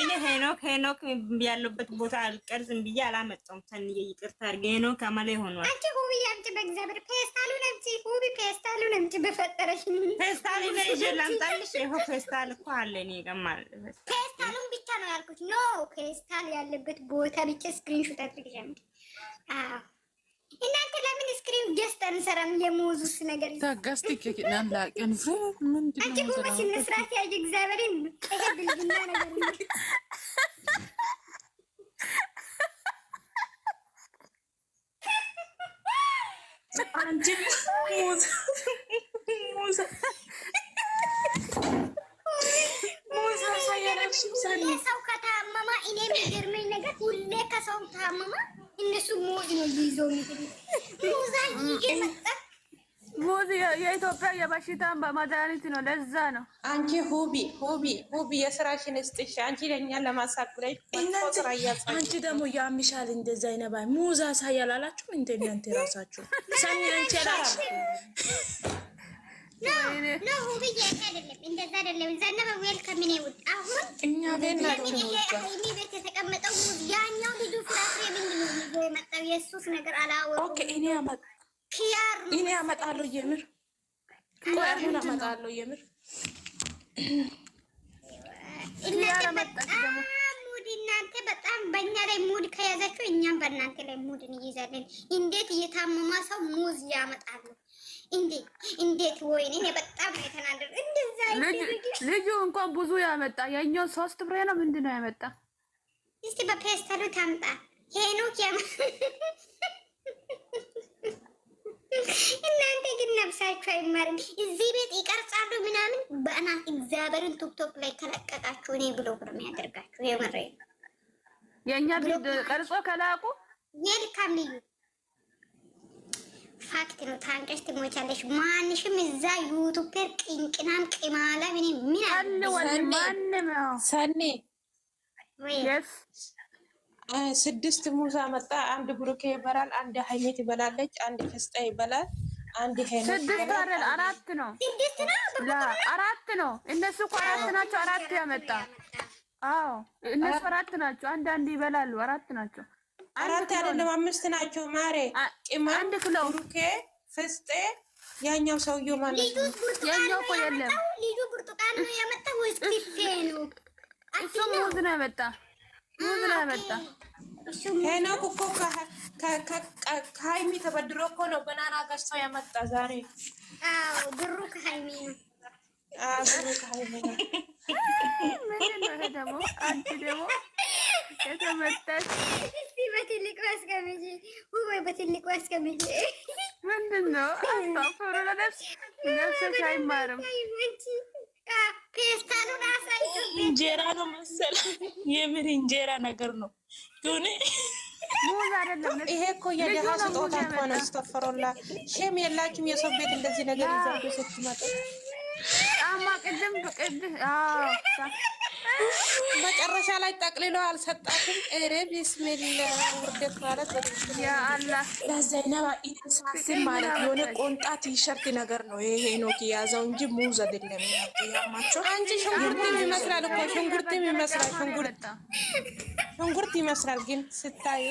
እኔ ሄኖክ ሄኖክ ያለበት ቦታ አልቀርጽም ብዬ አላመጣሁም። ይቅርታ አድርጌ ሄኖክ ሆኗል። አንቺ ሁቢ በእግዚአብሔር ፌስታሉን አምጪ፣ ሁቢ ፌስታሉን አምጪ። በፈጠረሽ ይዤ ላምጣልሽ። ይኸው ፌስታል እኮ አለ እኔ ፌስታሉን ብቻ ነው ያልኩት። ኖ ፌስታል ያለበት ቦታ ብቻ እናንተ አይስክሪም ገዝተን እንሰራም። የሙዙስ ነገር ታጋስቲ ከክ ናላ ቀንፍ ምንድን አንቺ ጎበስ እንስራት ያጅ እግዚአብሔርን ይሄ ብልግና ነገር ሰው ከታመማ እኔ የሚገርመኝ ነገር ሁሌ ከሰው ታመማ እነሱ ሙዝ ነው ይዞ የሚሄድ ሙዝ የኢትዮጵያ የበሽታን በመድኃኒት ነው። ለዛ ነው አንቺ ሁቢ ሁቢ ሁቢ የስራሽን እስጥሽ አንቺ ለኛ ለማሳቅ ላይ አንቺ ደግሞ ያምሻል እንደዛ አይነባ ሙዝ አሳያል አላችሁም? እንደ እናንተ ራሳችሁ ሰኒ አንቺ ያላችሁ እኛ ቤት የተቀመጠው ያኛው ልጁ ፍራፍሬ ኢየሱስ ነገር አላወቁ። ኦኬ እኔ አመጣ ኪያር እኔ አመጣለሁ የምር ኪያር ምን አመጣለሁ የምር እናንተ በጣም ሙድ እናንተ በጣም በእኛ ላይ ሙድ ከያዛችሁ እኛም በእናንተ ላይ ሙድ እንይዛለን። እንዴት እየታመማ ሰው ሙዝ ያመጣሉ? እንዴ እንዴት! ወይኔ እኔ በጣም ነው የተናደድኩት። እንደዛ ልጁ እንኳን ብዙ ያመጣ የኛው ሶስት ብሬ ነው ምንድን ነው ያመጣ? እስቲ በፔስተሉ ታምጣ ሄኖክ እናንተ ግን ነብሳችሁ አይማርም። እዚህ ቤት ይቀርጻሉ ምናምን በእናት እግዚአብሔርን ቶክቶክ ላይ ከለቀቃችሁ እኔ ብሎ ብሎ የሚያደርጋችሁ የምሬ የእኛ ቤት ቀርጾ ከላቁ የልካም ልዩ ፋክት ነው። ታንቀሽ ትሞቻለሽ። ማንሽም እዛ ዩቱበር ቅንቅናም ቅማላ ምን ምን አለ ሰኔ ስድስት ሙዛ መጣ። አንድ ብሩኬ ይበላል፣ አንድ ሀይሜት ይበላለች፣ አንድ ፍስጣ ይበላል፣ አንድ ስድስት አይደል አራት ነው አራት ነው። እነሱ እኮ አራት ናቸው። አራት ያመጣ አዎ፣ እነሱ አራት ናቸው። አንድ አንድ ይበላሉ። አራት ናቸው። አራት አይደለም አምስት ናቸው። ማሬ አንድ ክሎ ብሩኬ፣ ፍስጤ፣ ያኛው ሰውዬ ማለት ነው። ያኛው እኮ የለም። ልጁ ብርቱካን ነው ያመጣ ወይስ ነው? እሱ ሙዝ ነው ያመጣ ሄኖክ እኮ ከሀይሚ ተበድሮ እኮ ነው በናና ገዝቶ ያመጣ ዛሬ። ብሩ ከሀይሚ ነው። በትልቁ አስቀምጪ። ምንድን ነው? እንጀራ ነው መሰለ። የምር እንጀራ ነገር ነው ግን ይሄ እኮ የደሃ ስጦታ እኮ ነው። አስተፈሮላ ሼም የላችሁም። የሰው ቤት እንደዚህ ነገር ይዛችሁ ስትመጡ ጫማ ቅድም መጨረሻ ላይ ጠቅልሎ አልሰጣትም። ኧረ ቢስሚላ ውርደት ማለት ለዘይነባ ኢሳስም ማለት የሆነ ቆንጣ ቲሸርት ነገር ነው ይሄ ሄኖክ የያዘው እንጂ ሙዝ አይደለም። ያማቸው አንቺ ሽንኩርትም ይመስላል እኮ ሽንኩርትም ይመስላል ሽንኩርት ሽንኩርት ይመስላል ግን ስታዩ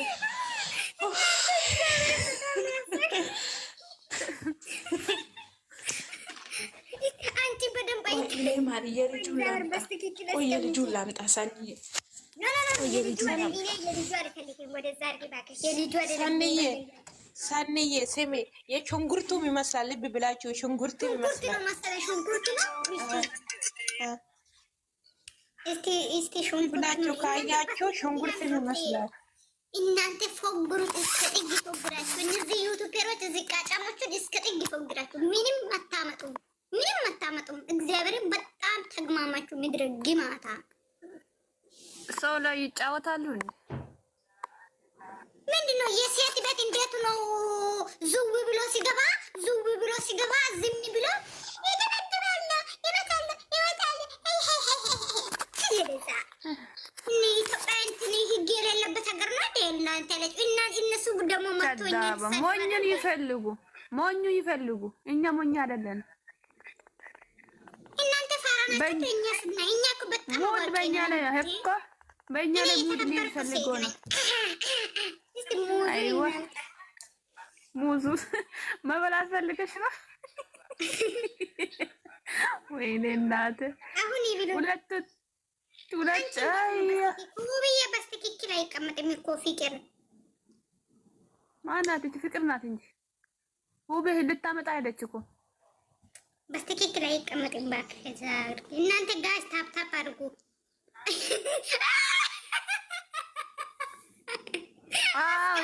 ላይ ማሪ የልጁን ላምጣ፣ የልጁን ላምጣ ሳንዬ ሳንዬ ሳንዬ ስሜ የሽንኩርቱም ይመስላል። ልብ ብላችሁ ሽንኩርቱም ይመስላል። ብላችሁ ካያችሁ ሽንኩርቱም ይመስላል። እናንተ ፎግሩት እስከ ጥግ ፎግራችሁ። እነዚህ ዩቱበሮች እዚህ ቃጫሞቹን እስከ ጥግ ፎግራችሁ ምንም አታመጡም። ምንም አታመጡም። እግዚአብሔርን በጣም ተግማማችሁ። ምድረ ግማታ ሰው ላይ ይጫወታሉ። ነው የሴት ቤት እንዴት ነው? ዙው ብሎ ሲገባ ዙው ብሎ ሲገባ ዝም ብሎ ይመጣለ ይመጣለ ኢትዮጵያ ህግ የሌለበት ሀገር ነው። እናንተ እና እነሱ ደግሞ ሞኙን ይፈልጉ ሞኙ ይፈልጉ። እኛ ሞኛ አይደለን። ሙድ በእኛ ላይ እኮ በእኛ ላይ ሙድ የሚፈልገው ነው። አይዋ ሙዙ መበላት ፈልገሽ ነው። ወይኔ እናት ሁለቱ ሁለት ውብዬ በስትክክል አይቀመጥም እኮ ፍቅር ማናት? ፍቅር ናት እንጂ ውብህ ልታመጣ ሄደች እኮ በስትክክል አይቀመጥም። እባክህ እዛ አድርጉ እናንተ ጋዝ ታፕታፕ አድርጉ።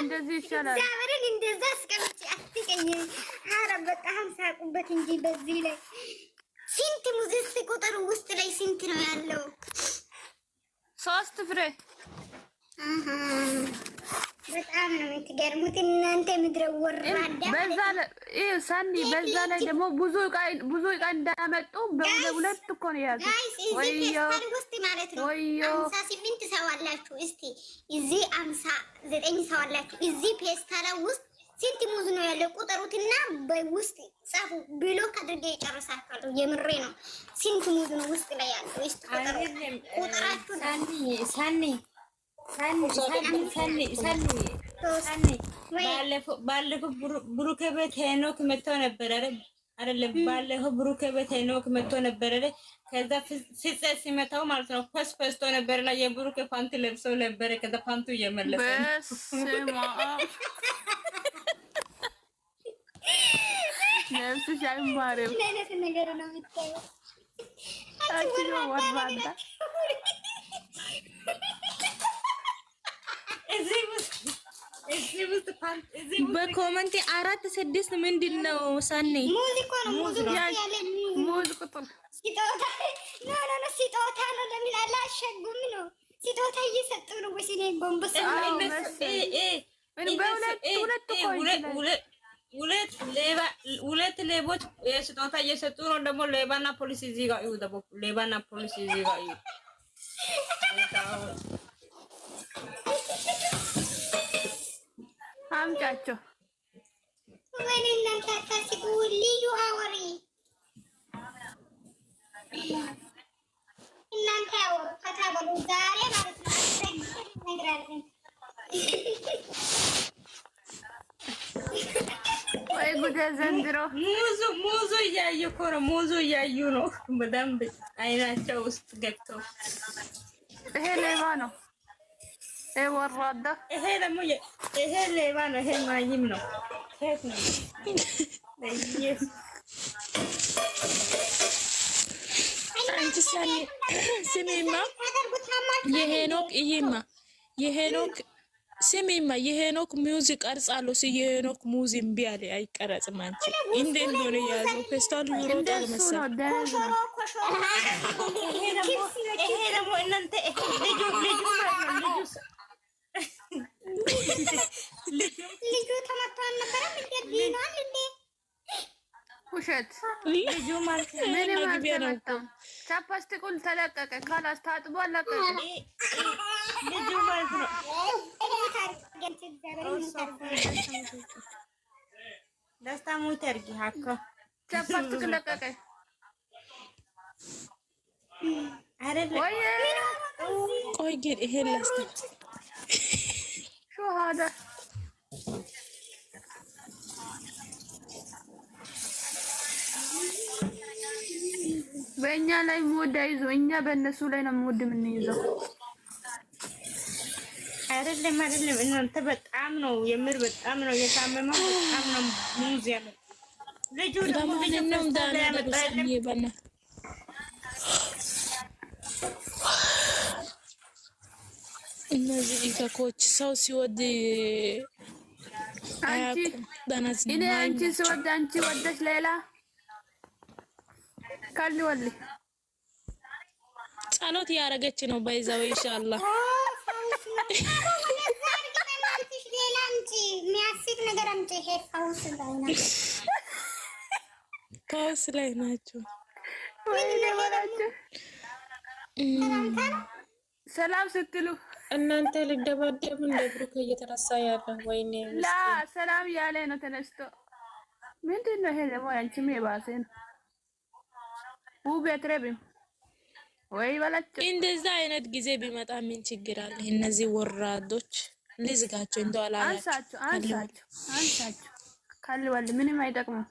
እንደዚህ ይሻላል። ዛብርን እንደዛ አስቀምጪ አትቀኝ። ኧረ በጣም ሳቁበት እንጂ በዚህ ላይ ስንት ሙዝስ ቁጥር ውስጥ ላይ ስንት ነው ያለው? ሶስት ፍሬ በጣም ነው የምትገርሙት እናንተ ምድረ ወራዳ። በዛ ላይ ሰኒ በዛ ላይ ደግሞ ብዙ እቃ ብዙ ዕቃ እንዳመጡ በሁለት እኮ ነው የያዙት። ወዮ ወዮ፣ አምሳ ስምንት ሰው አላችሁ። እስቲ እዚህ አምሳ ዘጠኝ ሰው አላችሁ። እዚህ ፔስታላ ውስጥ ስንት ሙዝ ነው ያለው? ቁጠሩትና በውስጥ ጻፉ ብሎ ከድርገ ይጨርሳሉ። የምሬ ነው። ስንት ሙዝ ነው ውስጥ ላይ ያለው? እስቲ ቁጠሩ፣ ቁጥራችሁ ሰኒ ባለፈው ብሩኬ ቤት ሄኖክ መቶ ነበር አይደለም? ባለፈው ብሩኬ ቤት ሄኖክ መቶ ነበር። ከዛ ፍፄ ሲመታው ማለት ነው ፐስ ፐስቶ ነበርና የብሩኬ ፓንት ለብሶ ነበረ። ከዛ ፓንቱ እየመለሰ ነፍስሽ አይማርም። በኮመንት አራት ስድስት ምንድን ነው ሰኔ ነው ነው ነው ሁለት ሌቦች ስጦታ እየሰጡ ነው። ደግሞ ሌባና ፖሊስ እዚህ ጋር እዩ። ሌባና ፖሊስ እዚህ ጋር እዩ። አምጫቸው። እናንተ ያወሩ ፈታ ወይ ጉድ ዘንድሮ ሙዙ ሙዙ እያዩ እኮ ነው። ሙዙ እያዩ ነው። በደንብ አይናቸው ውስጥ ገብተው ይሄ ሌባ ነው፣ ይሄ ወራዳ፣ ይሄ ደግሞ ይሄ ሌባ ነው። ይሄ ማይም ነው። ሴት ነው። ስሚማ የሄኖክ እይማ የሄኖክ ስሚማ የሄኖክ ቀርጻለሁ። ሲ የሄኖክ እምቢ አለ አይቀረጽም። አንቺ እንዴ እንደሆነ ፌስታል መሰለኝ። ቻፕስቲኩን ተለቀቀ። ካላስ ታጥቦ አለቀቀ። ደስታ ሞት ያድርጊ። ቻፕስቲክ ለቀቀ። ቆይ ግን ይሄን ላስተ በእኛ ላይ ሞድ አይዞ፣ እኛ በእነሱ ላይ ነው ሞድ የምንይዘው። አይደለም አይደለም፣ እናንተ በጣም ነው የምር፣ በጣም ነው የታመመው፣ በጣም ነው ሙዝ ያመጣ ልጁ ደግሞ እነዚህ ኢንካኮች ሰው ሲወድ እኔ አንቺ ሲወድ አንቺ ወደች ሌላ ካሊ ወሊ ጸሎት ያረገች ነው ባይዛው ኢንሻአላህ ፈውስ ላይ ናቸው። ሰላም ስትሉ እናንተ ልደባደብ እንደ ብሩክ እየተነሳ ያለ ወይኔ ላ ሰላም ያለ ነው ተነስቶ ምንድን ነው ይሄ ደግሞ ያንቺም የባሰ ነው። ውብ አትረቢም ወይ በላቸው። እንደዛ አይነት ጊዜ ቢመጣ ምን ችግር አለ? እነዚህ ወራዶች ልዝጋቸው እንደዋላ አንሳቸው፣ አንሳቸው፣ አንሳቸው። ካልበል ምንም አይጠቅምም።